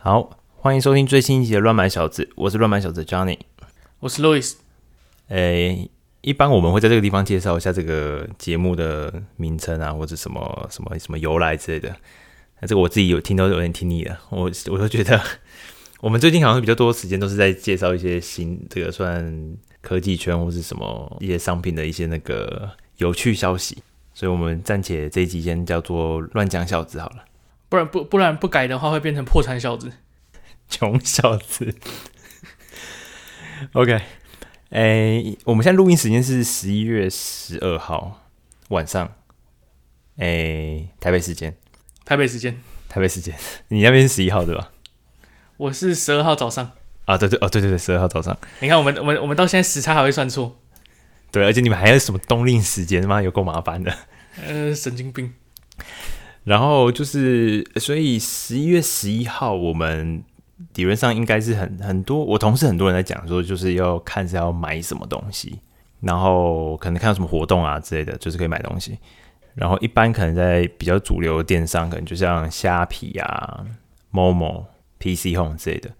好，歡迎收聽最新一集的《亂買小子》，我是亂買小子 Johnny，我是 Louis。哎、欸，一般我們會在這個地方介紹一下這個節目的名稱啊，或者什麼什麼什麼由來之類的。那、啊、這個我自己有聽都有點聽膩了，我我就覺得我們最近好像比較多時間都是在介紹一些新這個算科技圈或是什麼一些商品的一些那個有趣消息，所以我們暫且這一集先叫做亂講小子好了。不然不不然不改的話，會變成破產小子、窮小子。 OK，哎、欸，我們現在錄音時間是十一月十二號晚上，哎、欸，台北時間。台北時間，台北時間。你那邊十一號對吧？我是十二號早上。啊，對對哦，對對對，十二號早上。你看我們，我們我們我們到現在時差還會算錯。對，而且你們還有什麼冬令時間？媽，有夠麻煩的。呃，神經病。然後就是，所以十一月十一號，我們理論上應該是很很多，我同事很多人在講說，就是要看是要買什麼東西，然後可能看到什麼活動啊之類的，就是可以買東西。然後一般可能在比較主流的電商，可能就像蝦皮啊、Momo、PC Home 之類的。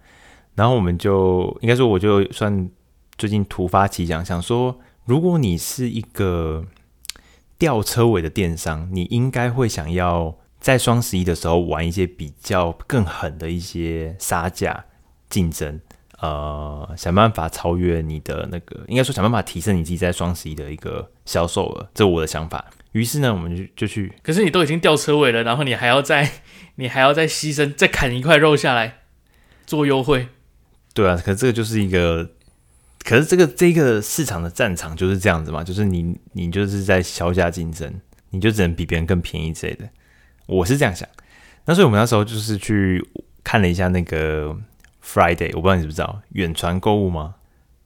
然後我們就應該說，我就算最近突發奇想，想說，如果你是一個。吊車尾的電商，你應該會想要在雙十一的時候玩一些比較更狠的一些殺價競爭，呃，想辦法超越你的那個，應該說想辦法提升你自己在雙十一的一個銷售額，這是我的想法。於是呢，我們就就去。可是你都已經吊車尾了，然後你還要再，你還要再犧牲，再砍一塊肉下來做優惠。對啊，可是這個就是一個。可是這個這個市場的戰場就是這樣子嘛，就是你你就是在削價競爭，你就只能比別人更便宜之類的。我是這樣想，那所以我們那時候就是去看了一下那個 Friday，我不知道你知不知道遠傳購物嗎？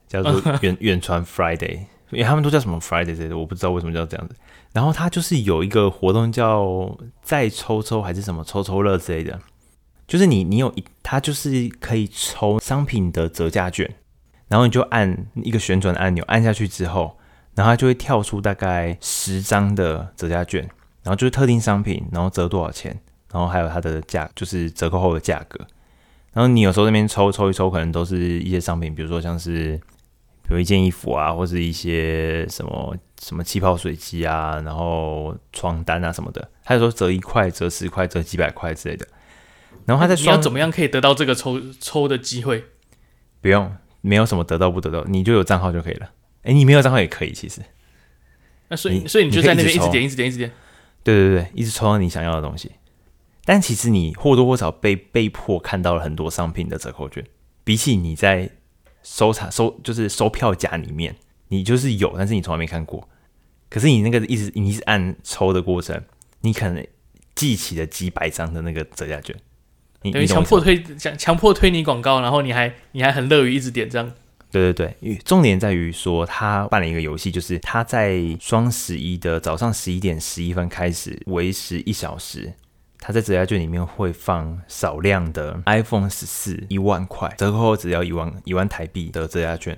叫做遠遠傳 Friday，因為他們都叫什麼 Friday 之類的，我不知道為什麼叫這樣子。然後它就是有一個活動叫再抽抽還是什麼抽抽樂之類的，就是你你有一，它就是可以抽商品的折價券。然後你就按一個旋轉按鈕，按下去之後，然後它就會跳出大概十張的折價券，然後就是特定商品，然後折多少錢，然後還有它的價，就是折扣後的價格。然後你有時候那邊抽抽一抽，可能都是一些商品，比如說像是比如一件衣服啊，或者一些什麼什麼氣泡水機啊，然後床單啊什麼的，還有時候折一塊、折十塊、折幾百塊之類的。然後他在你要怎麼樣可以得到這個抽抽的機會？不用。沒有什麼得到不得到，你就有賬號就可以了。誒，你沒有賬號也可以，其實。那、啊、所以，所以你就在那邊一直，一直點，一直點，一直點。對對對，一直抽到你想要的東西。但其實你或多或少被被迫看到了很多商品的折扣券，比起你在收藏收就是收票夾裡面，你就是有，但是你從來沒看過。可是你那個一直，你一直按抽的過程，你可能記起了幾百張的那個折價券。因為強迫推，強強迫推你廣告，然後你還你還很樂於一直點這樣。對對對，因為重點在於說，他辦了一個遊戲，就是他在雙十一的早上十一點十一分開始，為時一小時，他在折價券裡面會放少量的 iPhone 十四一萬塊折扣後只要一萬一萬台幣的折價券，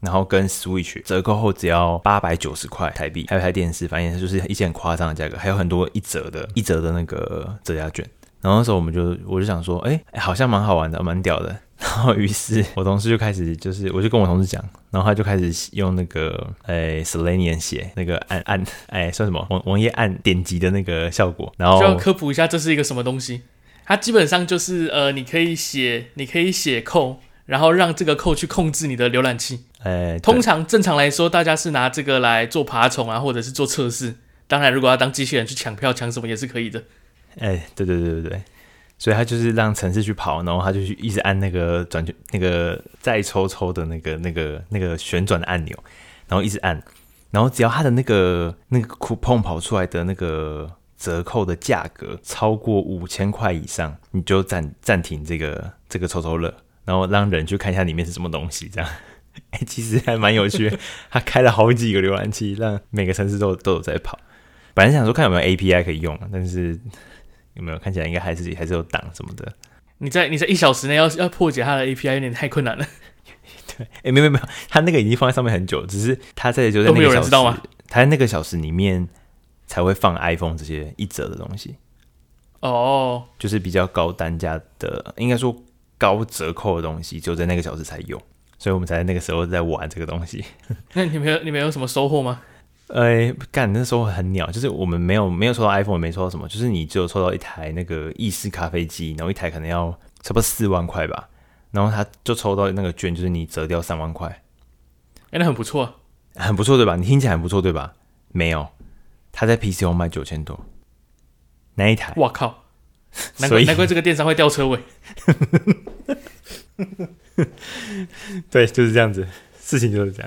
然後跟 Switch 折扣後只要八百九十塊台幣，還有台電視，反正就是一些很誇張的價格，還有很多一折的一折的那個折價券。然後那時候我們就，我就想說，哎，好像蠻好玩的，蠻屌的。然後於是，我同事就開始，就是我就跟我同事講，然後他就開始用那個，哎，Selenium 寫那個按按，哎，算什麼網網頁按點擊的那個效果。然後需要科普一下，這是一個什麼東西？它基本上就是，呃，你可以寫，你可以寫 code，然後讓這個 code 去控制你的瀏覽器。哎，通常正常來說，大家是拿這個來做爬蟲啊，或者是做測試。當然，如果要當機器人去搶票搶什麼也是可以的。哎、欸，對對對對對，所以他就是讓程式去跑，然後他就去一直按那個轉圈、那個再抽抽的那個、那個、那個旋轉的按鈕，然後一直按，然後只要他的那個那個酷碰跑出來的那個折扣的價格超過五千塊以上，你就暫暫停這個這個抽抽樂，然後讓人去看一下裡面是什麼東西，這樣，哎、欸，其實還蠻有趣。 他開了好幾個瀏覽器，讓每個程式都有都有在跑。本來想說看有沒有 API 可以用，但是。有沒有，看起來應該還是還是有擋什麼的。你在你在一小時內要要破解它的 API 有點太困難了。對，哎、欸，沒有沒有沒有，他那個已經放在上面很久，只是他在就在那個小時都沒有人知道嗎？他在那個小時裡面才會放 iPhone 這些一折的東西。哦，oh. 就是比較高單價的，應該說高折扣的東西，就在那個小時才有，所以我們才在那個時候在玩這個東西。 那你們有你們有什麼收穫嗎？哎，幹、欸、那時候很鳥，就是我們沒有沒有抽到 iPhone，也沒抽到什麼，就是你只有抽到一台那個意式咖啡機，然後一台可能要差不多四萬塊吧，然後他就抽到那個券，就是你折掉三萬塊、欸，那很不錯，很不錯對吧？你聽起來很不錯對吧？沒有，他在 PC O 賣九千多，那一台，我靠，難怪以難怪這個電商會掉車尾， 對，就是這樣子，事情就是這樣。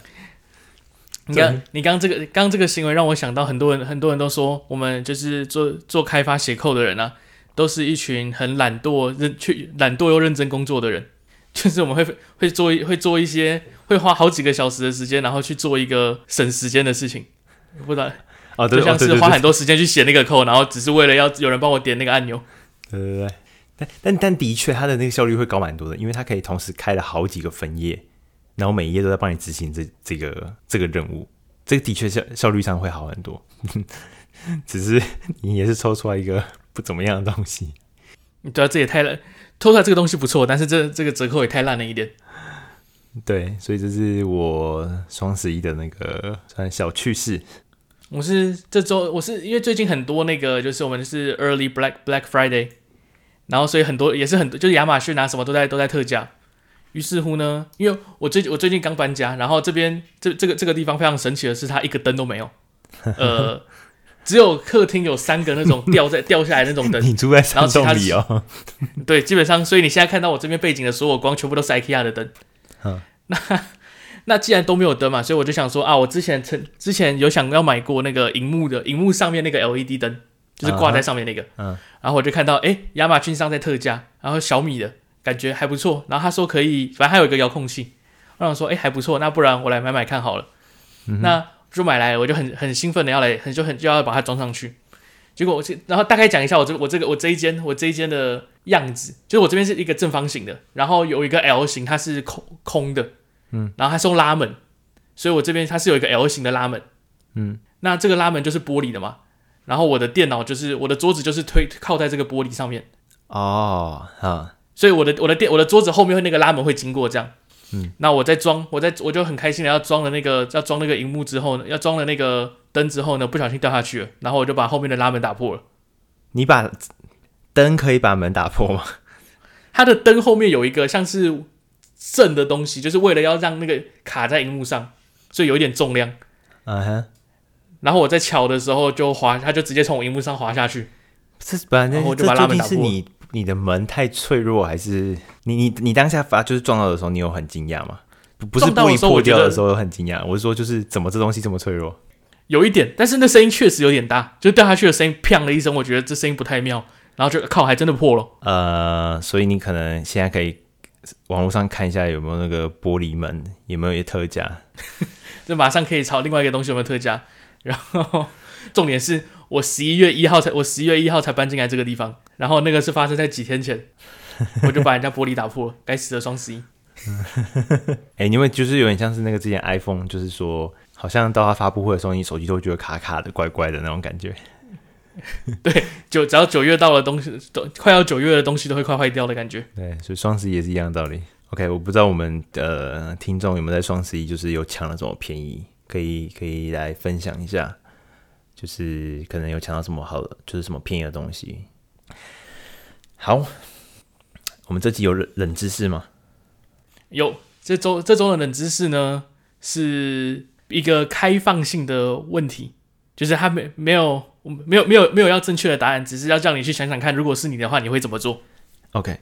你剛，你剛這個，剛這個行為讓我想到很多人，很多人都說我們就是做做開發寫扣的人啊，都是一群很懶惰認去懶惰又認真工作的人，就是我們會會做一會做一些會花好幾個小時的時間，然後去做一個省時間的事情，不然啊，就像是花很多時間去寫那個扣，然後只是為了要有人幫我點那個按鈕、哦，對、哦、對對，對，對，對，對，對，對，但但但的確，他的那個效率會高蠻多的，因為他可以同時開了好幾個分頁。然後每一頁都在幫你執行這這個這個任務，這個的確效效率上會好很多，呵呵，只是你也是抽出來一個不怎麼樣的東西。對啊，這也太爛，抽出來這個東西不錯，但是這這個折扣也太爛了一點。對，所以這是我雙十一的那個算小趣事。我是這週我是因為最近很多那個就是我們是 Early Black Black Friday，然後所以很多也是很就是亞馬遜啊什麼都在都在特價。於是乎呢，因為我最近我最近剛搬家，然後這邊這這個這個地方非常神奇的是，它一個燈都沒有，呃，只有客廳有三個那種吊在 掉下來那種燈， 你住在山洞,洞裡哦， 對，基本上，所以你現在看到我這邊背景的所有光，全部都是 IKEA 的燈。 那那既然都沒有燈嘛，所以我就想說啊，我之前曾之前有想要買過那個熒幕的熒幕上面那個 LED 燈，就是掛在上面那個，嗯、uh，huh, uh huh. 然後我就看到哎，亞馬遜上在特價，然後小米的。感覺還不錯，然後他說可以，反正還有一個遙控器。我想說，哎、欸，還不錯，那不然我來買買看好了。嗯、哼那就買來，我就很很興奮的要來，很就很就要把它裝上去。結果我然後大概講一下我這我這個我這一間我這一間的樣子，就是我這邊是一個正方形的，然後有一個 L 型，它是空空的，嗯，然後它是用拉門，所以我這邊它是有一個 L 型的拉門，嗯，那這個拉門就是玻璃的嘛，然後我的電腦就是我的桌子就是推靠在這個玻璃上面，哦，哈。所以我的我的電，我的桌子後面會那個拉門會經過這樣，嗯，那我在裝我在我就很開心的要裝了那個要裝那個熒幕之後，要裝了那個燈之後呢，不小心掉下去了。然後我就把後面的拉門打破了。你把燈可以把門打破嗎？嗯。它的燈後面有一個像是鎮的東西，就是為了要讓那個卡在熒幕上，所以有一點重量。嗯、啊、哼。然後我在敲的時候就滑，它就直接從我熒幕上滑下去。是，然後我就把拉門打破你的門太脆弱，還是你你你當下發就是撞到的時候，你有很驚訝嗎？不是玻璃破掉的時候很驚訝，我，我是說就是怎麼這東西這麼脆弱？有一點，但是那聲音確實有點大，就掉下去的聲音“砰”的一聲，我覺得這聲音不太妙。然後就靠，還真的破了。呃，所以你可能現在可以網絡上看一下有沒有那個玻璃門有沒有一些特價，就 馬上可以炒另外一個東西有沒有特價。然後重點是。我十一月一號才我十一月一號才搬進來這個地方，然後那個是發生在幾天前， 我就把人家玻璃打破了，該死的雙十一！哎、 欸，因為就是有點像是那個之前 iPhone，就是說好像到他發布會的時候，你手機都會覺得卡卡的、怪怪的那種感覺。 對，九只要九月到了，東西都快要九月的東西都會快壞掉的感覺。對，所以雙十一也是一樣的道理。OK，我不知道我們的、呃、聽眾有沒有在雙十一就是有搶了什麼便宜，可以可以來分享一下。就是可能有搶到什麼好的，就是什麼便宜的東西。好，我們這集有冷冷知識嗎？有，這周這周的冷知識呢是一個開放性的問題，就是他沒沒有沒有沒有沒有要正確的答案，只是要叫你去想想看，如果是你的話，你會怎麼做？OK，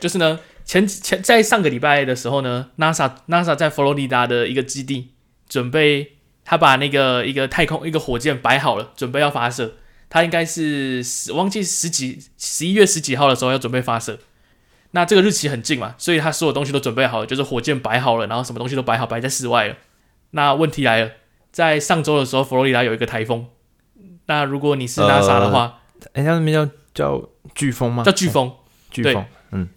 就是呢，前前在上個禮拜的時候呢，NASA NASA 在佛羅里達的一個基地準備。他把那個一個太空一個火箭擺好了，準備要發射。他應該是十忘記十幾十一月十幾號的時候要準備發射。那這個日期很近嘛，所以他所有東西都準備好了，就是火箭擺好了，然後什麼東西都擺好擺在室外了。那問題來了，在上周的時候，佛羅里達有一個台風。那如果你是 NASA 的話，人家、呃、那邊叫叫颶風嗎？叫颶風，颶風、嗯。嗯，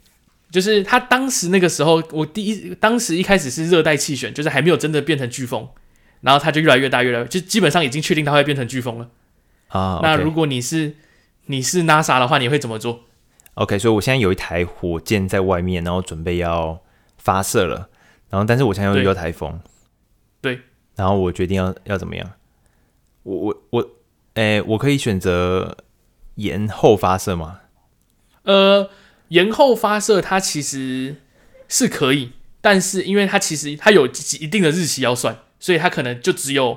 就是他當時那個時候，我第一當時一開始是熱帶氣旋，就是還沒有真的變成颶風。然後它就越來越大，越來越就基本上已經確定它會變成颶風了啊。那如果你是 Okay. 你是 NASA 的話，你會怎麼做？OK，所以我現在有一台火箭在外面，然後準備要發射了。然後，但是我現在遇到台風，對，對然後我決定要要怎麼樣？我我我，哎，我可以選擇延後發射嗎？呃，延後發射它其實是可以，但是因為它其實它有一定的日期要算。所以它可能就只有、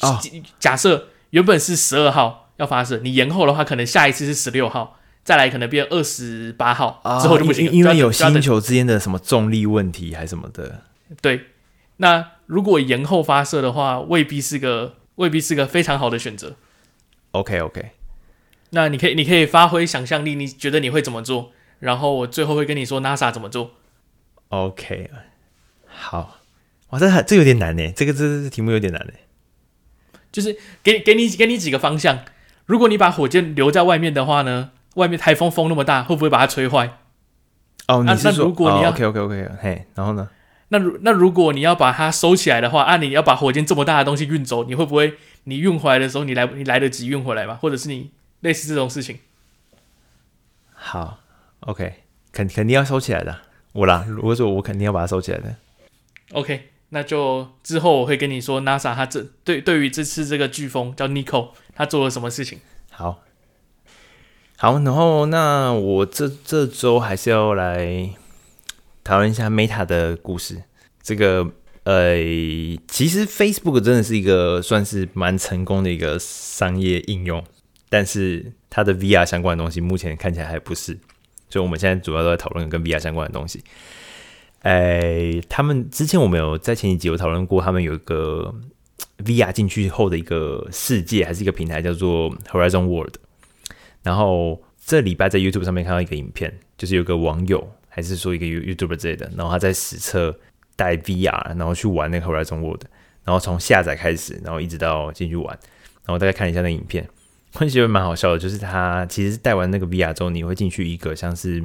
oh. 假設原本是十二號要發射，你延後的話，可能下一次是十六號，再來可能變二十八號，oh, 之後就不行，因為有星球之間的什麼重力問題還什麼的。對，那如果延後發射的話，未必是個未必是個非常好的選擇。OK OK，那你可以你可以發揮想象力，你覺得你會怎麼做？然後我最後會跟你說 NASA 怎麼做。OK，好。哇，這還這有點難呢，這個這這個、題目有點難呢。就是給給你給你幾個方向，如果你把火箭留在外面的話呢，外面台風風那麼大，會不會把它吹壞？哦，你是說，啊、那如果你要、哦、？OK OK OK 嘿，然後呢？那如那如果你要把它收起來的話，啊，你要把火箭這麼大的東西運走，你會不會你運回來的時候，你來你來得及運回來嗎？或者是你類似這種事情？好，OK，肯肯定要收起來的，我啦，如果說我肯定要把它收起來的，OK。那就之後我會跟你說，NASA 他這對對於這次這個颶風叫 Nico，他做了什麼事情？好好，然後那我這這週還是要來討論一下 Meta 的故事。這個呃，其實 Facebook 真的是一個算是蠻成功的一個商業應用，但是它的 VR 相關的東西目前看起來還不是，所以我們現在主要都在討論跟 VR 相關的東西。哎、欸，他們之前我們有在前幾集有討論過，他們有一個 VR 進去後的一個世界，還是一個平台，叫做 Horizon World。然後這禮拜在 YouTube 上面看到一個影片，就是有個網友，還是說一個 you, YouTuber 之類的，然後他在實測戴 VR，然後去玩那個 Horizon World。然後從下載開始，然後一直到進去玩，然後我大概看一下那個影片，我覺得蠻好笑的。就是他其實戴完那個 VR 之後，你會進去一個像是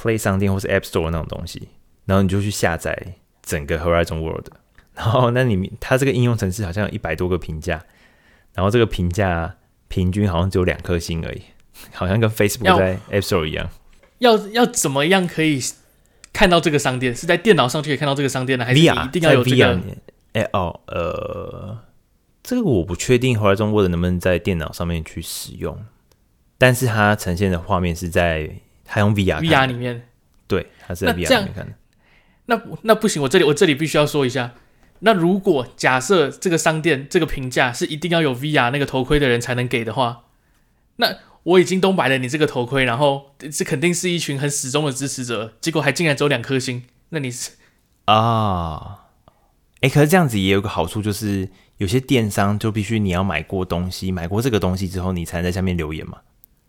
Play 商店或是 App Store 那種東西。然後你就去下載整個 Horizon World，然後那裡面，它這個應用程式好像有一百多個評價，然後這個評價平均好像只有兩顆星而已，好像跟 Facebook 在 App Store 一樣。要要，要怎麼樣可以看到這個商店？是在電腦上去可以看到這個商店呢，還是一定要有、這個、VR？哎哦，呃，這個我不確定 Horizon World 能不能在電腦上面去使用，但是它呈現的畫面是在它用 VR VR 裡面，對，它是在 VR 裡面看的。那那不行，我這裡我這裡必須要說一下。那如果假設這個商店這個評價是一定要有 VR 那個頭盔的人才能給的話，那我已經都買了你這個頭盔，然後這肯定是一群很死忠的支持者，結果還竟然只有兩顆星，那你是啊？誒、哦欸，可是這樣子也有個好處，就是有些電商就必須你要買過東西，買過這個東西之後你才能在下面留言嘛。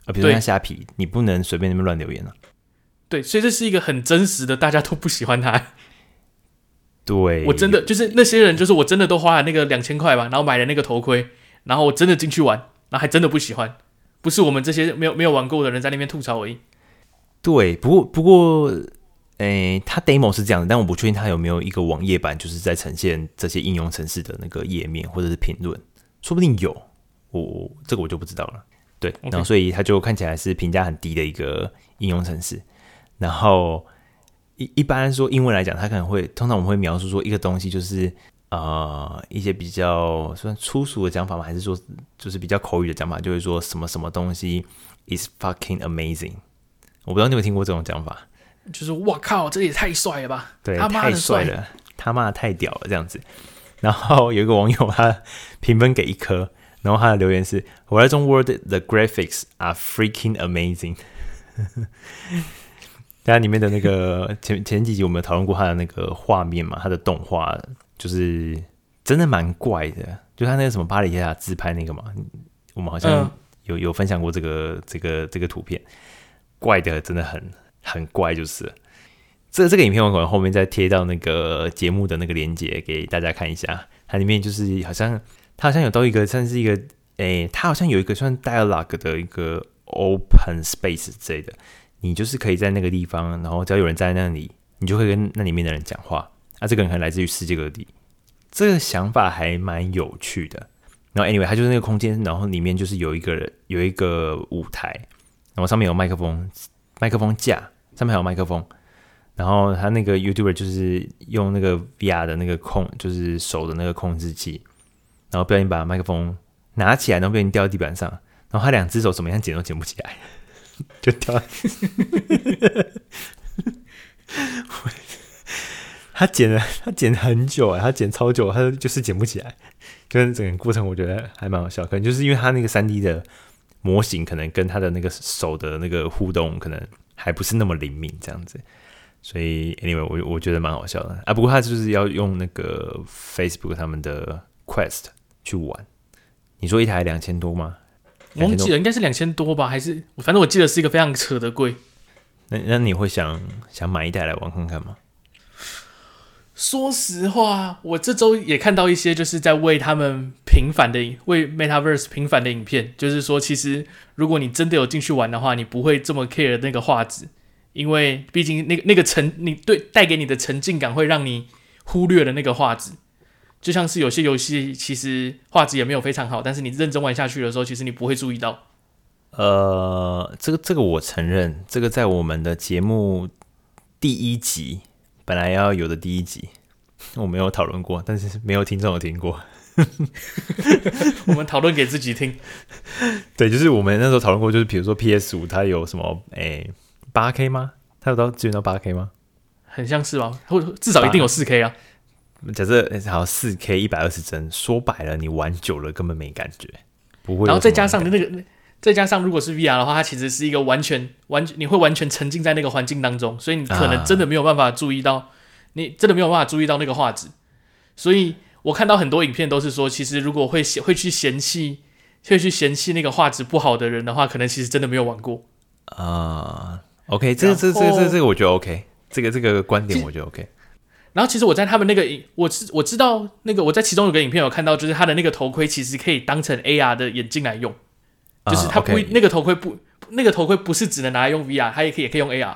啊，比如像蝦皮，對你不能隨便那麼亂留言啊。對，所以這是一個很真實的，大家都不喜歡他。 對我真的就是那些人，就是我真的都花了那個兩千塊吧，然後買了那個頭盔，然後我真的進去玩，然後還真的不喜歡，不是我們這些沒有沒有玩過的人在那邊吐槽而已。對，不過不過，哎，他 demo 是這樣的，但我不確定他有沒有一個網頁版，就是在呈現這些應用程式的那個頁面或者是評論，說不定有，我這個我就不知道了。對，Okay. 然後所以他就看起來是評價很低的一個應用程式。嗯然後一一般說英文來講，他可能會通常我們會描述說一個東西就是呃一些比較算粗俗的講法嘛，還是說就是比較口語的講法，就是說什麼什麼東西 is fucking amazing。我不知道你有沒有聽過這種講法，就是哇靠，這也太帥了吧！對，他媽帥太帥了，他媽的太屌了這樣子。然後有一個網友他評分給一顆，然後他的留言是：Horizon world the graphics are freaking amazing。 它裡面的那個前前幾集我們討論過它的那個畫面嘛，它的動畫就是真的蠻怪的，就它那個什麼巴黎鐵塔自拍那個嘛，我們好像有有分享過這個這個這個圖片，怪的真的很很怪，就是這這個影片我可能後面再貼到那個節目的那個鏈接給大家看一下，它裡面就是好像它好像有到一個算是一個誒、欸，它好像有一個算 dialog 的一個 open space 之類的。你就是可以在那個地方，然後只要有人在那裡，你就會跟那裡面的人講話。啊，這個人可能來自於世界各地，這個想法還蠻有趣的。然後，anyway，他就是那個空間，然後裡面就是有一個有一個舞台，然後上面有麥克風，麥克風架上面還有麥克風。然後他那個 YouTuber 就是用那個 VR 的那個控，就是手的那個控制器。然後不小心把麥克風拿起來，然後不小心掉到地板上，然後他兩隻手怎麼樣撿都撿不起來。就掉， 他剪了他剪了很久啊。他剪超久，他就是剪不起來。跟整個過程我覺得還蠻好笑，可能就是因為他那個 3D 的模型可能跟他的那個手的那個互動可能還不是那麼靈敏這樣子，所以 anyway 我我覺得蠻好笑的啊。不過他就是要用那個 Facebook 他們的 Quest 去玩，你說一台兩千多嗎？忘記了，應該是兩千多吧，還是反正我記得是一個非常扯的貴。那那你會想想買一台來玩看看嗎？說實話，我這週也看到一些就是在為他們平反的，為 Metaverse 平反的影片，就是說，其實如果你真的有進去玩的話，你不會這麼 care 那個畫質，因為畢竟那個那個沉，你對帶給你的沉浸感會讓你忽略了那個畫質。就像是有些遊戲，其實畫質也沒有非常好，但是你認真玩下去的時候，其實你不會注意到。呃，這個這個我承認，這個在我們的節目第一集本來要有的第一集，我沒有討論過， 但是沒有聽眾有聽過。 我們討論給自己聽。對，就是我們那時候討論過，就是比如說 PS 五它有什麼？哎、欸，八 K 嗎？它有到支援到八 K 嗎？很像是吧，或至少一定有四 K 啊。假設好，4K 120幀，說白了，你玩久了根本沒感覺，不會。然後再加上那個，再加上如果是 VR 的話，它其實是一個完全完，你會完全沉浸在那個環境當中，所以你可能真的沒有辦法注意到，啊、你真的沒有辦法注意到那個畫質。所以，我看到很多影片都是說，其實如果會會去嫌棄，會去嫌棄那個畫質不好的人的話，可能其實真的沒有玩過。啊、嗯、OK，然後，這這這這這個我覺得 OK，這個這個觀點我覺得 OK。然後其實我在他們那個，我知我知道那個，我在其中有個影片有看到，就是他的那個頭盔其實可以當成 AR 的眼鏡來用，uh, 就是它不 okay. 那個頭盔不那個頭盔不是只能拿來用 VR，它也可以也可以用 AR。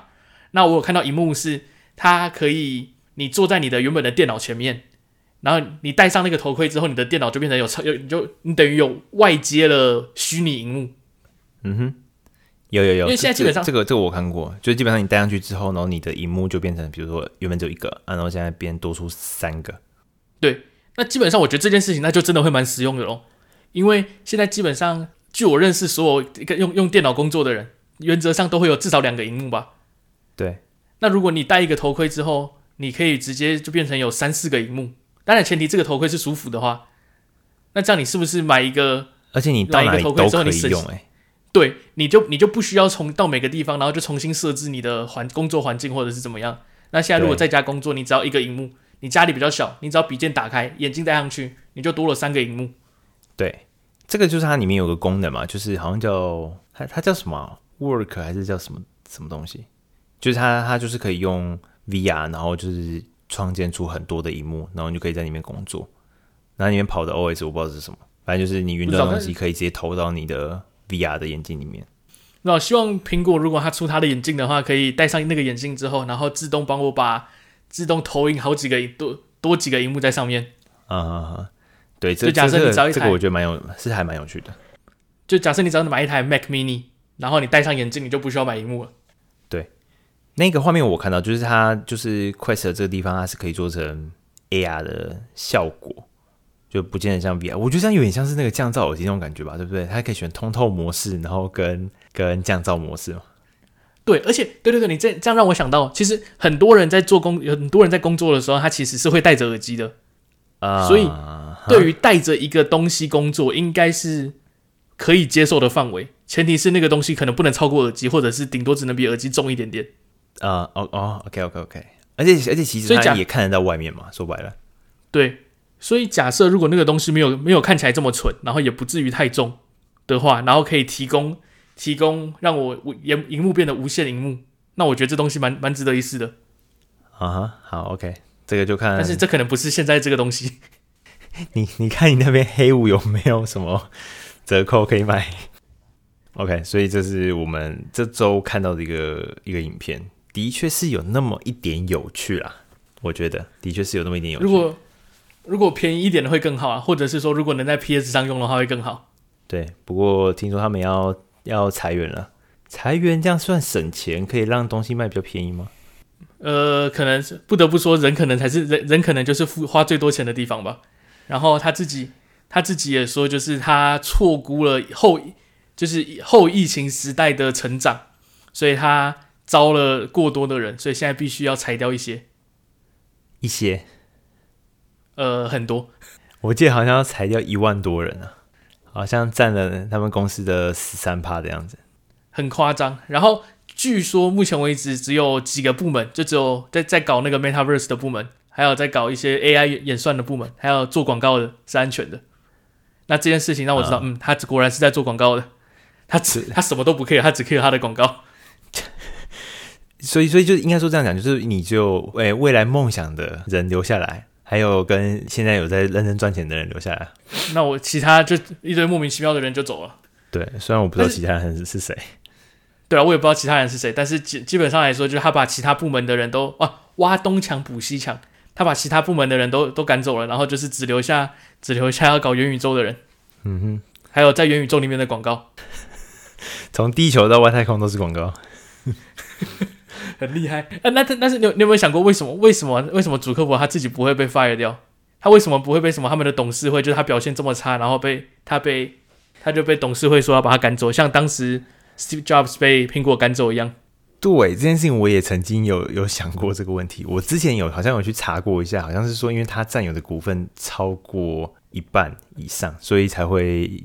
那我有看到螢幕是，它可以你坐在你的原本的電腦前面，然後你戴上那個頭盔之後，你的電腦就變成有超有你就你等於有外接了虛擬螢幕，嗯哼。有有有，因為現在基本上這，這，這個這個我看過，就是、基本上你戴上去之後，然後你的熒幕就變成，比如說原本只有一個啊，然後現在變多出三個。對，那基本上我覺得這件事情那就真的會蠻實用的嘍，因為現在基本上據我認識，所有一個用用電腦工作的人，原則上都會有至少兩個熒幕吧。對，那如果你戴一個頭盔之後，你可以直接就變成有三四個熒幕，當然前提這個頭盔是舒服的話。那這樣你是不是買一個，而且你戴一個頭盔之後都可以用哎。對，你就你就不需要從到每個地方，然後就重新設置你的環工作環境或者是怎麼樣。那現在如果在家工作，對你只要一個螢幕，你家裡比較小，你只要筆尖打開，眼鏡戴上去，你就多了三個螢幕。對，這個就是它裡面有個功能嘛，就是好像叫它它叫什麼 Work 還是叫什麼什麼東西？就是它它就是可以用 VR，然後就是創建出很多的螢幕，然後你就可以在裡面工作。然後裡面跑的 OS 我不知道是什麼，反正就是你雲端東西可以直接投到你的。V R 的眼鏡裡面，那希望蘋果如果它出它的眼鏡的話，可以戴上那個眼鏡之後，然後自動幫我把自動投影好幾個多多幾個熒幕在上面。啊啊、嗯嗯嗯、對，就假設你找一台，這個我覺得蠻有是還蠻有趣的。就假設你找你買一台 Mac mini，然後你戴上眼鏡，你就不需要買熒幕了。對，那個畫面我看到就是它就是 Quest 這個地方，它是可以做成 A R 的效果。就不見得像比啊，我覺得這樣有點像是那個降噪耳機那種感覺吧，對不對？它可以選通透模式，然後跟跟降噪模式嘛。對，而且，對對對，你這這樣讓我想到，其實很多人在做工，有很多人在工作的時候，他其實是會戴着耳機的，uh, 所以，對於帶着一個東西工作，應該是可以接受的範圍，前提是那個東西可能不能超過耳機，或者是頂多只能比耳機重一點點。啊，哦哦，OK OK OK，而且而且其實他也看得到外面嘛，說白了，對。所以假設如果那個東西沒有沒有看起來這麼蠢，然後也不至於太重的話，然後可以提供提供讓我我螢幕變得無限熒幕，那我覺得這東西蠻蠻值得一試的。啊、uh-huh, 好，OK，這個就看。但是這可能不是現在這個東西。你你看你那邊黑五有沒有什麼折扣可以買？OK，所以這是我們這周看到的一個一個影片，的確是有那麼一點有趣啦。我覺得的確是有那麼一點有趣。如果如果便宜一點的會更好啊，或者是說，如果能在 PS 上用的話會更好。對，不過聽說他們要要裁員了，裁員這樣算省錢，可以讓東西賣比較便宜嗎？呃，可能是不得不說，人可能才是人人可能就是付花最多錢的地方吧。然後他自己他自己也說，就是他錯估了後就是後疫情時代的成長，所以他招了過多的人，所以現在必須要裁掉一些一些。呃，很多，我記得好像要裁掉一萬多人啊，好像佔了他們公司的十三趴的樣子，很誇張。然後據說目前為止只有幾個部門，就只有在在搞那個 Metaverse 的部門，還有在搞一些 AI 演算的部門，還有做廣告的，是安全的。那這件事情讓我知道，嗯，嗯，他果然是在做廣告的，他只是他什麼都不 care，他只 care 他的廣告。 所以，所以就應該說，這樣講，就是你就誒、欸、未來夢想的人留下來。還有跟現在有在認真賺錢的人留下來啊，那我其他就一堆莫名其妙的人就走了。對，雖然我不知道其他人是是誰，對啊，我也不知道其他人是誰，但是基基本上來說，就是他把其他部門的人都啊挖東牆補西牆，他把其他部門的人都都趕走了，然後就是只留下只留下要搞元宇宙的人。嗯哼，還有在元宇宙裡面的廣告，從地球到外太空都是廣告。 很厲害，啊，那但但是，你你有沒有想過為什麼，為什麼為什麼為什麼祖克柏他自己不會被 fire 掉？他為什麼不會被什麼？他們的董事會就是他表現這麼差，然後被他被他就被董事會說要把他趕走，像當時 Steve Jobs 被蘋果趕走一樣。對這件事情，我也曾經有有想過這個問題。我之前有好像有去查過一下，好像是說因為他占有的股份超過一半以上，所以才會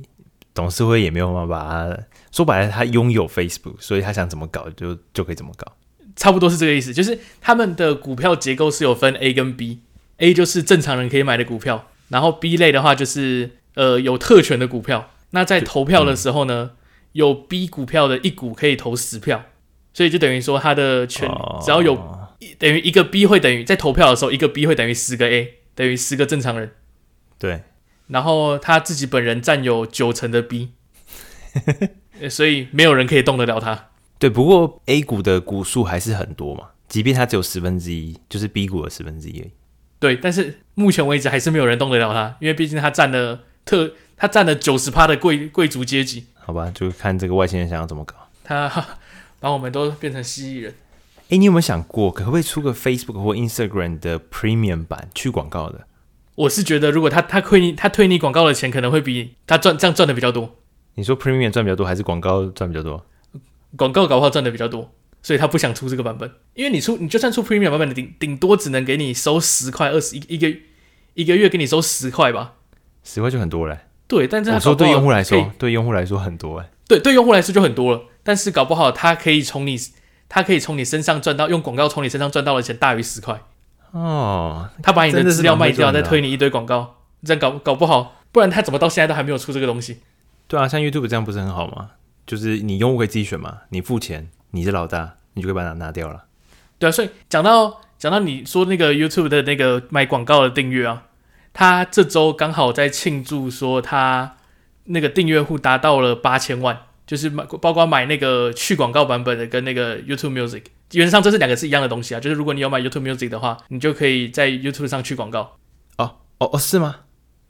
董事會也沒有辦法，把他，說白了，他擁有 Facebook，所以他想怎麼搞就就可以怎麼搞。差不多是這個意思，就是他們的股票結構是有分 A 跟 B，A 就是正常人可以買的股票，然後 B 類的話就是呃有特權的股票。那在投票的時候呢，對，嗯，有 B 股票的一股可以投十票，所以就等於說他的權，oh，只要有等於一個 B 會等於在投票的時候一個 B 會等於十個 A，等於十個正常人。對，然後他自己本人占有九成的 B，所以沒有人可以動得了他。對，不過 A 股的股數還是很多嘛，即便它只有十分之一，就是 B 股的十分之一而已。對，但是目前為止還是沒有人動得了它，因為畢竟它占了特，它占了九十趴的貴貴族階級。好吧，就看這個外星人想要怎麼搞。他把我們都變成蜥蜴人。哎，你有沒有想過，可不可以出個 Facebook 或 Instagram 的 Premium 版去廣告的？我是覺得，如果他他推他推你廣告的錢，可能會比他賺這樣賺的比較多。你說 Premium 賺比較多，還是廣告賺比較多？廣告搞不好賺的比較多，所以他不想出這個版本。因為你出，你就算出 premium 版本，頂頂多只能給你收十塊、二十一一個一個月給你收十塊吧。十塊就很多了，欸。對，但這樣說對用戶來說，以對用戶來說很多哎，欸。對，對用戶來說就很多了。但是搞不好他可以從你他可以從你身上賺到用廣告從你身上賺到的錢大於十塊哦。他把你的資料賣掉，啊，再推你一堆廣告，這樣搞搞不好，不然他怎麼到現在都還沒有出這個東西？對啊，像 YouTube 這樣不是很好嗎？就是你用戶可以自己選嘛，你付錢，你是老大，你就可以把它拿，拿掉了。對啊，所以講到講到你說那個 YouTube 的那個買廣告的訂閱啊，他這週剛好在慶祝說他那個訂閱戶達到了八千萬，就是買包括買那個去廣告版本的跟那個 YouTube Music，原則上這是兩個是一樣的東西啊，就是如果你要買 YouTube Music 的話，你就可以在 YouTube 上去廣告。哦哦哦，是嗎？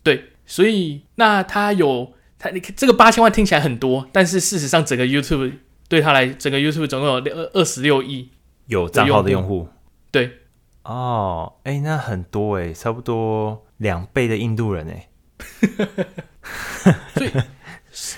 對，所以那他有。他，這個八千萬聽起來很多，但是事實上，整個 YouTube 對他來，整個 YouTube 總共有二二十六億有賬號的用戶。對，哦，哎，那很多哎，差不多兩倍的印度人哎 。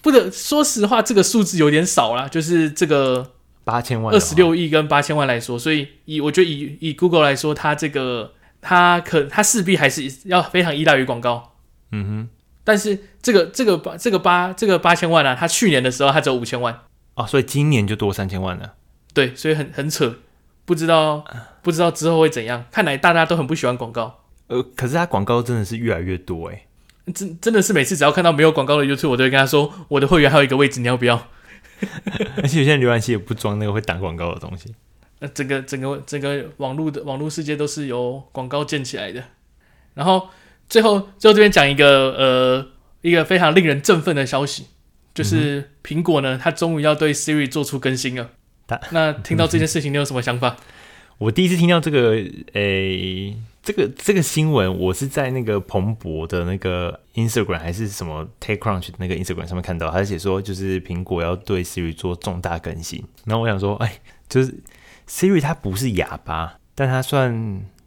不得說實話，這個數字有點少了。就是這個八千萬、二十六億跟八千萬來說，所以以我覺得以以 Google 來說，它這個它可它勢必還是要非常依賴於廣告。嗯哼。但是這個這個八這個八這個八千萬呢、啊？他去年的時候他只有五千萬啊、哦，所以今年就多三千萬了。對，所以很很扯，不知道不知道之後會怎樣。看來大家都很不喜歡廣告。呃，可是他廣告真的是越來越多誒。真真的是每次只要看到沒有廣告的 YouTube，我都會跟他說，我的會員還有一個位置，你要不要？而且有些瀏覽器也不裝那個會打廣告的東西。那整個整個整個網絡的網絡世界都是由廣告建起來的，然後。最後，最後這邊講一個呃，一個非常令人振奮的消息，就是蘋果呢，它終於要對 Siri 做出更新了。嗯、那聽到這件事情，你有什麼想法？我第一次聽到這個，誒、欸，這個這個新聞，我是在那個彭博的那個 Instagram 還是什麼 TechCrunch 的那個 Instagram 上面看到，他寫說就是蘋果要對 Siri 做重大更新。然後我想說，哎、欸，就是 Siri 它不是啞巴，但它算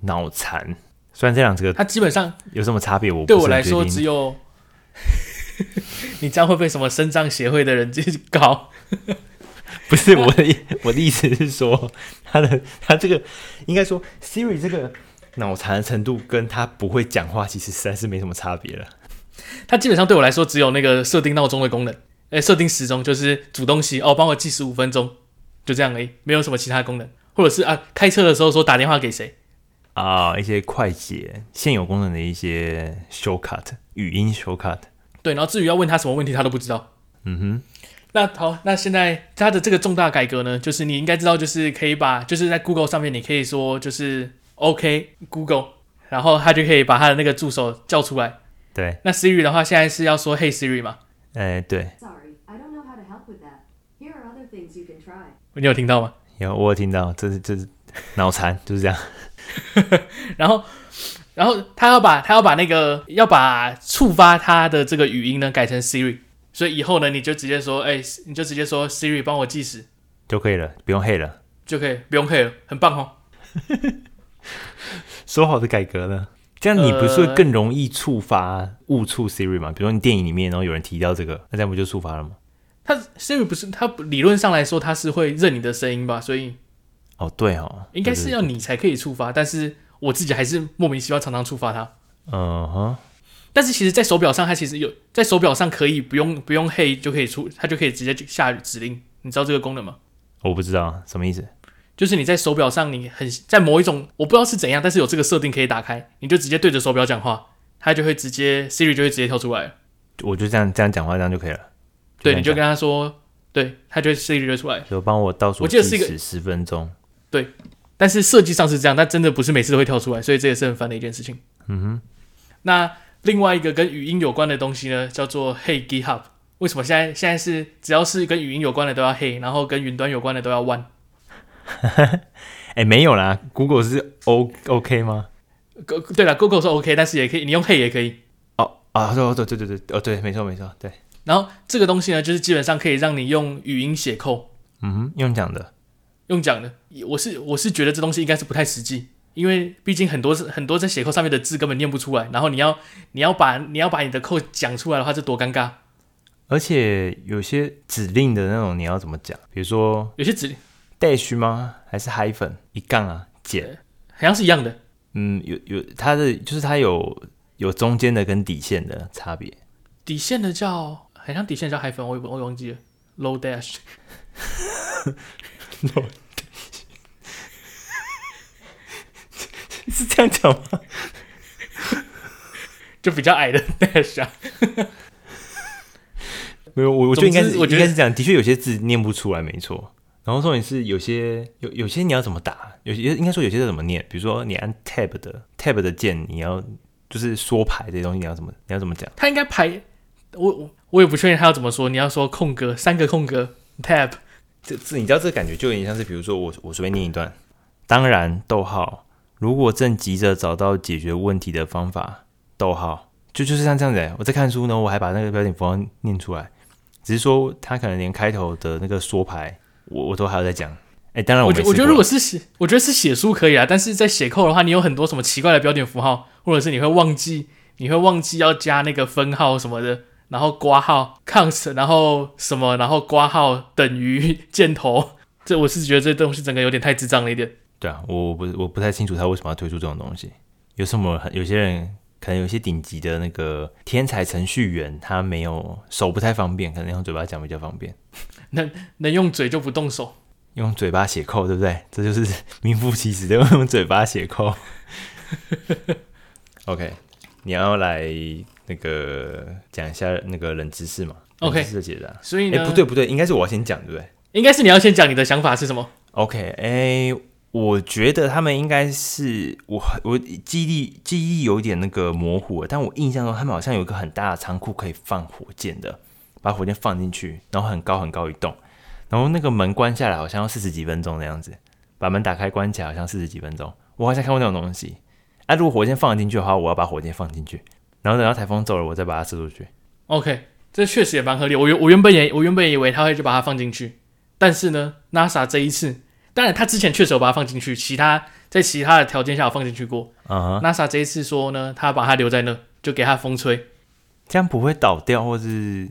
腦殘。雖然這兩個，它基本上有什麼差別？我對我來說只有， 你將會被什麼聲障協會的人去搞？ 不是我的意他 我的意思是說，他的他這個應該說 Siri 這個腦殘程度跟他不會講話，其實實在是沒什麼差別了。他基本上對我來說只有那個設定鬧鐘的功能，哎、欸，設定時鐘就是煮東西哦，幫我計時五分鐘，就這樣欸，沒有什麼其他功能，或者是啊，開車的時候說打電話給誰。啊，oh, 一些快捷、現有功能的一些 shortcut、語音 shortcut 對。然後至於要問他什麼問題，他都不知道。嗯哼。那好，那現在他的這個重大改革呢，就是你應該知道，就是可以把，就是在 Google 上面，你可以說就是 OK Google，然後他就可以把他的那個助手叫出來。對。那 Siri 的話，現在是要說 Hey Siri 嗎？哎、欸，對。Sorry, I don't know how to help with that. Here are other things you can try. 你有聽到嗎？有，我有聽到，這是這是腦殘，就是這樣。 然後，然後他要把他要把那個要把觸發他的這個語音呢改成 Siri，所以以後呢你就直接說，哎、欸，你就直接說 Siri 幫我計時就可以了，不用 Hey 了，就可以不用 Hey 了，很棒哦。 說好的改革呢？這樣你不是更容易觸發誤觸 Siri 嗎？比如說你電影裡面，然後有人提到這個，那這樣不就觸發了嗎？它 Siri 不是它理論上來說它是會認你的聲音吧，所以。哦對哦，應該是要你才可以觸發，對對對對，但是我自己還是莫名其妙常常觸發它。嗯哼，uh-huh，但是其實，在手錶上它其實有在手錶上可以不用不用 Hey 就可以出，它就可以直接下指令。你知道這個功能嗎？我不知道，什麼意思？就是你在手錶上，你很在某一種我不知道是怎樣，但是有這個設定可以打開，你就直接對着手錶講話，它就會直接 Siri 就會直接跳出來。我就這樣這樣講話這樣就可以了。對，你就跟他說，對，他就會 Siri 就會出來。就幫我，我倒數計時十分鐘。對，但是設計上是這樣，但真的不是每次都會跳出來，所以這也是很煩的一件事情。嗯哼，那另外一個跟語音有關的東西呢，叫做 “Hey GitHub”。為什麼現在現在是只要是跟語音有關的都要 “Hey”，然後跟雲端有關的都要 “One”？哎、 欸，沒有啦，Google 是 O OK 嗎？Go, 對啦 Google 是 OK，但是也可以你用 “Hey” 也可以。哦啊、哦，對對、哦、對對對，哦對，沒錯沒錯，對。然後這個東西呢，就是基本上可以讓你用語音寫 code，嗯哼，用講的，用講的。我是我是覺得這東西應該是不太實際，因為畢竟很多很多在寫扣上面的字根本念不出來，然後你要你要把你要把你的扣講出來的話，這多尷尬。而且有些指令的那種你要怎麼講？比如說有些指令 dash 嗎？還是 hyphen 一槓啊解好像是一樣的。嗯，有有它的就是它有有中間的跟底線的差別。底線的叫好像底線的叫 hyphen 我我忘記了 low dash。 No 是這樣講嗎？ 就比較矮的那啥， 沒有我我就應該是我就應該是這樣的確有些字念不出來沒錯，然後重點是有些有有些你要怎麼打，有些應該說有些字怎麼念，比如說你按的 tab 的 tab 的鍵，你要就是縮排這些東西你要怎麼你要怎麼講？他應該排我我我也不確定他要怎麼說，你要說空格三個空格 tab 這字你知道這個感覺就有點像是比如說我我隨便念一段，當然逗號。如果正急着找到解決問題的方法，逗號，就就是像這樣子，欸，我在看書呢，我還把那個標點符號念出來，只是說他可能連開頭的那個縮排，我我都還要再講，哎、欸，當然我我覺得我覺得如果是寫，我覺得是寫書可以啊，但是在寫扣的話，你有很多什麼奇怪的標點符號，或者是你會忘記，你會忘記要加那個分號什麼的，然後括號 count 然後什麼，然後括號等於箭頭，這我是覺得這東西整個有點太智障了一點。對啊，我不我不太清楚他為什麼要推出這種東西，有什麼有些人可能，有些頂級的那個天才程序員，他沒有手不太方便，可能用嘴巴講比較方便，能能用嘴就不動手，用嘴巴寫扣，對不對？這就是名副其實的用嘴巴寫扣。 OK，你要來那個講一下那個冷知識嘛？OK，是的解答，所以哎不對不對，應該是我先講，對不對？應該是你要先講你的想法是什麼？OK，哎。我覺得他們應該是我我記憶力記憶力有點那個模糊，但我印象中他們好像有一個很大的倉庫可以放火箭的，把火箭放進去，然後很高很高一棟，然後那個門關下來好像要四十幾分鐘的樣子，把門打開關起來好像四十幾分鐘，我好像看過那種東西。哎、啊，如果火箭放進去的話，我要把火箭放進去，然後等到台風走了，我再把它射出去。OK，這確實也蠻合理。我原我原本也我原本也以為他會去把它放進去，但是呢，NASA 這一次。當然，他之前確實有把它放進去，其他在其他的條件下放進去過。啊、uh huh.，NASA 這一次說呢，他把它留在那，就給它風吹，這樣不會倒掉或是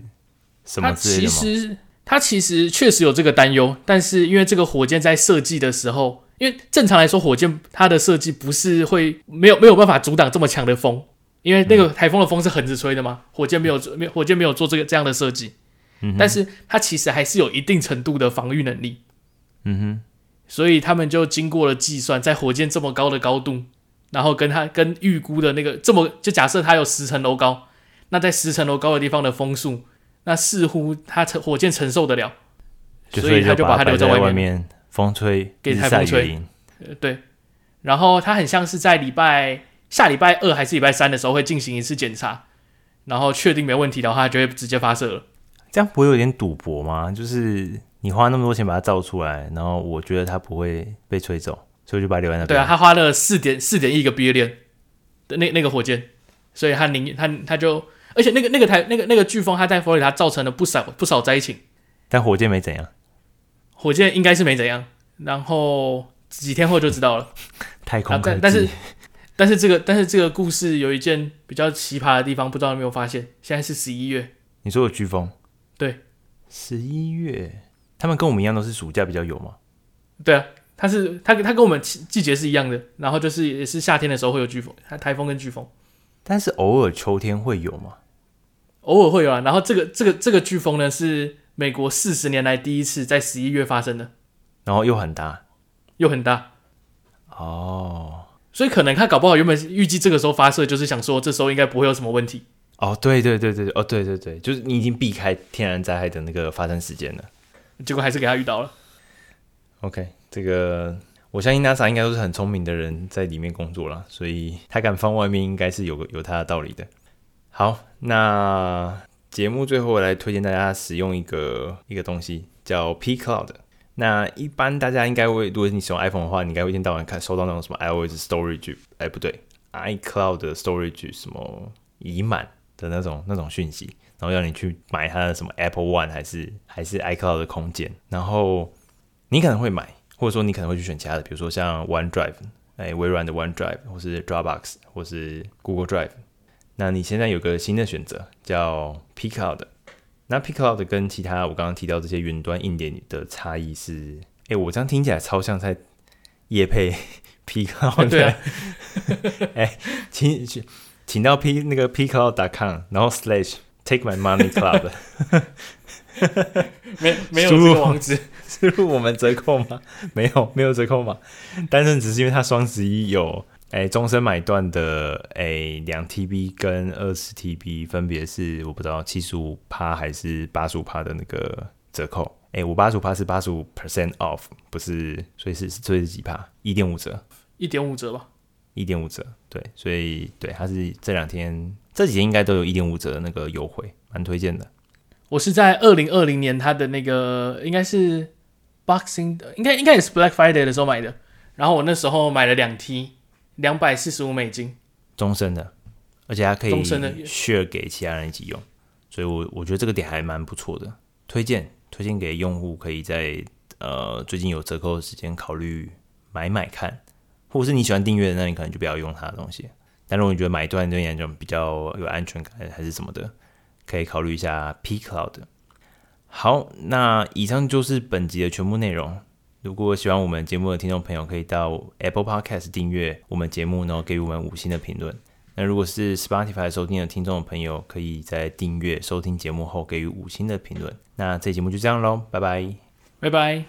什麼之類的嗎？他其實他其實確實有這個擔憂，但是因為這個火箭在設計的時候，因為正常來說火箭它的設計不是會沒有沒有辦法阻擋這麼強的風，因為那個台風的風是橫着吹的嘛，嗯、火箭沒有做，火箭沒有做這個這樣的設計。嗯哼，但是它其實還是有一定程度的防禦能力。嗯哼。所以他們就經過了計算，在火箭這麼高的高度，然後跟他跟預估的那個這麼，就假設它有十層樓高，那在十層樓高的地方的風速，那似乎他承火箭承受得了，所以，所以他就把它留在外面，風吹給颱風吹，對，然後他很像是在禮拜下禮拜二還是禮拜三的時候會進行一次檢查，然後確定沒問題的話，就會直接發射了。這樣不會有點賭博嗎？就是。你花那麼多錢把它造出來，然後我覺得它不會被吹走，所以我就把它留在那。對啊，他花了四點四點億個 Billion 的那那個火箭，所以他寧他他就，而且那個那個台那個那個颶風，他在佛羅里達造成了不少不少災情，但火箭沒怎樣，火箭應該是沒怎樣，然後幾天後就知道了。嗯、太空但但是但是這個但是這個故事有一件比較奇葩的地方，不知道你有沒有發現？現在是十一月，你說有颶風，對，十一月。他們跟我們一樣都是暑假比較有嗎？對啊，他是它他跟我們季節是一樣的，然後就是也是夏天的時候會有颶風、颱風跟颶風。但是偶爾秋天會有嗎？偶爾會有啊。然後這個這個這個颶風呢，是美國四十年來第一次在十一月發生的，然後又很大又很大哦，所以可能他搞不好原本預計這個時候發射，就是想說這時候應該不會有什麼問題。哦，對對對對對，哦對對對，就是你已經避開天然災害的那個發生時間了。結果還是給他遇到了。OK，這個我相信 NASA 應該都是很聰明的人在裡面工作了，所以他敢放外面，應該是有個有他的道理的。好，那節目最後我來推薦大家使用一個一個東西，叫 pCloud。那一般大家應該會，如果你使用 iPhone 的話，你應該會一天到晚看收到那種什麼 iOS storage，哎、欸、不對，iCloud storage 什麼已滿的那種那種訊息。然後要你去買它的什麼 Apple One 還是還是 iCloud 的空間，然後你可能會買，或者說你可能會去選其他的，比如說像 OneDrive，哎，微軟的 OneDrive，或是 Dropbox，或是 Google Drive。那你現在有個新的選擇叫 pCloud 那 pCloud 跟其他我剛剛提到這些雲端硬碟的差異是，哎，我這樣聽起來超像在業配 pCloud 對、啊， 哎，請請,請到 P 那個 pCloud.com，然後 slash Take my money pCloud， 沒沒有輸入網址，輸入我們折扣嗎？沒有，沒有折扣嗎？但是只是因為他雙十一有，哎、欸，終身買斷的，哎、欸，兩 TB 跟二十 TB 分別是，我不知道七十五趴還是八十五趴的那個折扣，哎、欸，五八十五趴是八十五 percent off，不是，所以是，所以是幾趴？一點五折，一點五折吧。一點五折，對，所以對它是這兩天這幾天應該都有一點五折的那個優惠，蠻推薦的。我是在二零二零年他的那個應該是 Boxing 的，應該應該也是 Black Friday 的時候買的。然後我那時候買了兩 T，兩百四十五美金，終身的，而且還可以 share 給其他人一起用。所以我，我我覺得這個點還蠻不錯的，推薦推薦給用戶可以在呃最近有折扣的時間考慮買買看。或者是你喜歡訂閱的，那你可能就不要用它的東西。但如果你覺得買斷對那、那種比較有安全感還是什麼的，可以考慮一下 pCloud。好，那以上就是本集的全部內容。如果喜歡我們節目的聽眾朋友，可以到 Apple Podcast 訂閱我們節目，然後給予我們五星的評論。那如果是 Spotify 收聽的聽眾朋友，可以在訂閱收聽節目後給予五星的評論。那這節目就這樣嘍，拜拜，拜拜。